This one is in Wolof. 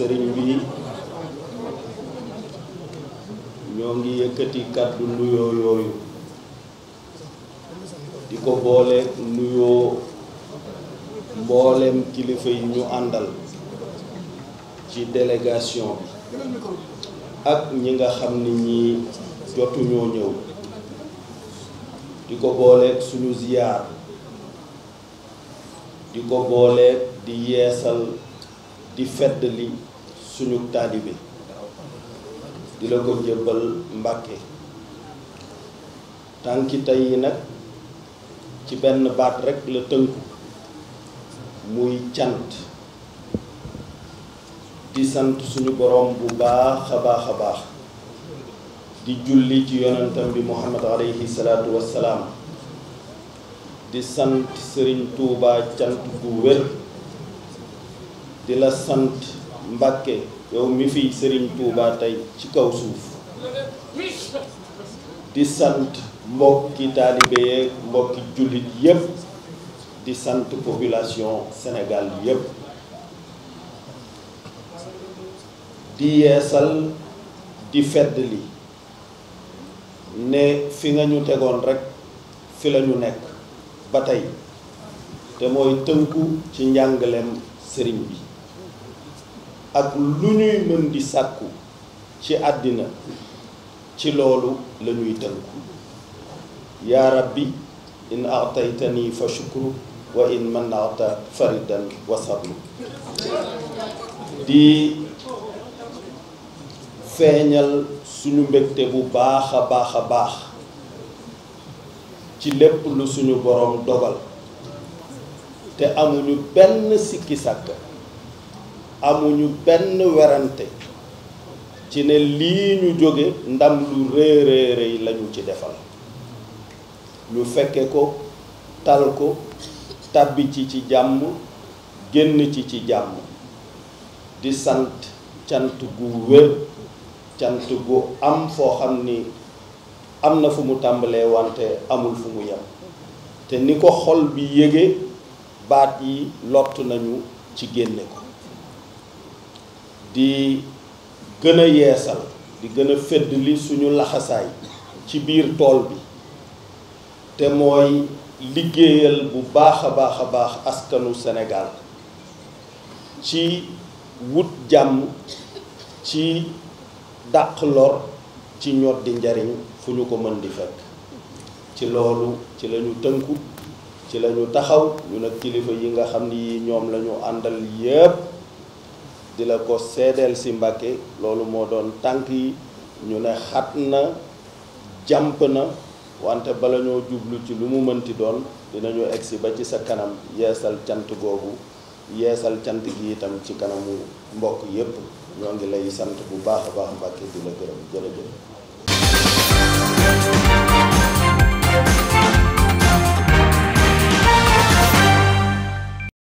sëriñ bi ñoo ngi yëkkati kàddu nuyoo yooyu di ko boole nuyoo mboolem kilifa yi ñu àndal ci délégation bi ak ñi nga xam ni ñi jotuñoo ñëw di ko booleeg suñu ziyaar di ko booleeg di yeesal di fedd li suñu taalibe di la ko jébbal Mbàkke tànki tey yi nag ci benn baat rekk la tënku muy cant di sant suñu boroom bu baax a baax a baax di julli ci yonentam bi Muhammad aleyhi wassalaam di sant Sëriñ Tuubaa cant bu wér di la sant Mbàkke yow mi fi Sëriñ Tuubaa tey ci kaw suuf di sant mbokki taalibe yeeg mbokki jullit yépp di sant population Sénégal yépp di yeesal di fedd li ne fi nga ñu tegoon rekk fi la ñu nekk ba tey te mooy tënku ci njàngaleem sëriñ bi ak lu ñuy mën di sàkku ci àddina ci loolu lañuy ñuy tënku yaa rabbi in ataytani fa shukru wa in manata faridan wa sablu di feeñal suñu mbégte bu baax a baax ci lépp lu suñu boroom dogal te amuñu benn sikki sàkk amuñu benn werante ci ne lii ñu jóge ndam lu rëy rëy lañu ci defal ñu fekke ko tal ko tàbbi ci ci jàmm génn ci ci jàmm di sant cant gu wér cant gu am foo xam ni am na fu mu tàmbalee wante amul fumu mu yem te ni ko xol bi yége baat yi lott nañu ci génne ko di gën a yeesal di gën a fedd li suñu laxasaay ci biir tool bi te mooy liggéeyal bu baax a baax a baax askanu Sénégal ci wut jàmm ci dàq lor ci ñoddi njariñ fu ñu ko mën di fekk ci loolu ci lañu tënku ci lañu taxaw ñu nag kilifa yi nga xam ni ñoom lañu àndal yépp di la ko seedeel si Mbàkke loolu moo doon tànk yi ñu ne xat na jàmp na wante bala ñoo jublu ci lu mu mënti doon dinañu egsi ba ci sa kanam yeesal cant googu yeesal cant gi itam ci kanamu mbokk yépp ñoo ngi lay sant bu baax a baax Mbàkke di la gërëm jërëjëf